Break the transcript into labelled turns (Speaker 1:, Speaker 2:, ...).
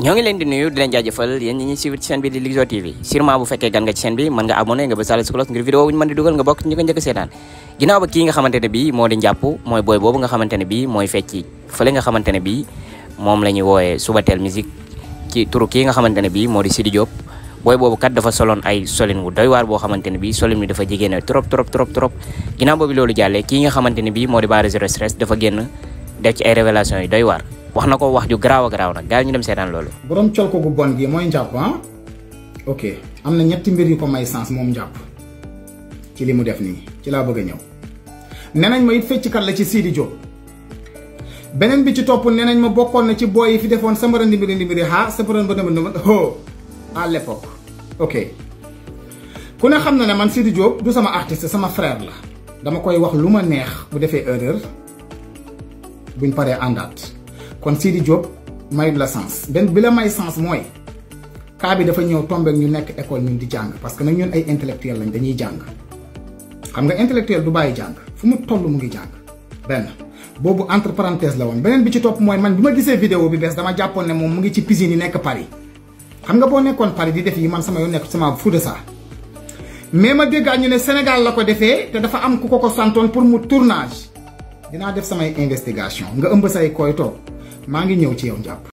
Speaker 1: ñoo ngi leen di nuyu di leen jaajëfal yéen ñi ñuy suivre ci chaîne bi di Likzo TV sûrement bu fekkee gan nga ci chaîne bi mën nga abonné nga ba sale su ngir vidéo ne bii moo di njàpp mooy boobu nga xamante ne bii mooy fecci fële nga xamante ne bii moom la ñuy wooyee Subatel musique nga xamante ne bii moo di Sidi Diop booy boobu kat dafa soloon ay solin wu doy waar boo ne bii solin bi dafa jigéene trop trop trop trop ginnaaw boobu loolu jàllee kii nga xamante ne moo di Barra Zero Stress dafa génn def ci ay révélation yu doy waar wax na ko wax ju garaaw a garaaw nag gars yi ñu dem seetaan loolu.
Speaker 2: borom col ko gu bon gi mooy njàpp ah ok am na ñetti mbir yu ko may sens moom njàpp ci li mu def nii ci laa bëgg a ñëw. nee nañ ma it fecckat la ci Sidi Diop beneen bi ci topp nee nañ ma bokkoon na ci booy yi fi defoon samara ndimbiri ndimbiri ah samara ndimbiri ndimbiri oh à l'époque ok ku ne xam na ne man Sidi Diop du sama artiste sama frère dama koy wax lu ma neex bu defee erreur buñ paree àndaat. kon Sidi Diop mayut la sens benn bi la may sens mooy cas bi dafa ñëw tombeek ñu nekk école ñun di jàng parce que nag ñun ay intellectuel lañ dañuy jàng xam nga intellectuel du bàyyi jàng fu mu toll mu ngi jàng benn boobu entre la woon beneen bi ci topp mooy man bi ma gisee video bi bees dama jàppoon ne moom mu ngi ci piscine yi nekk Paris xam nga boo nekkoon Paris di def yi man sama yoon nekk sama fou de ça mais ma dégg ñu ne Sénégal la ko defee te dafa am ku ko ko santoon pour mu tournage dinaa def samay investigation nga ëmb say koy toog maa ngi ñëw ci yow njàpp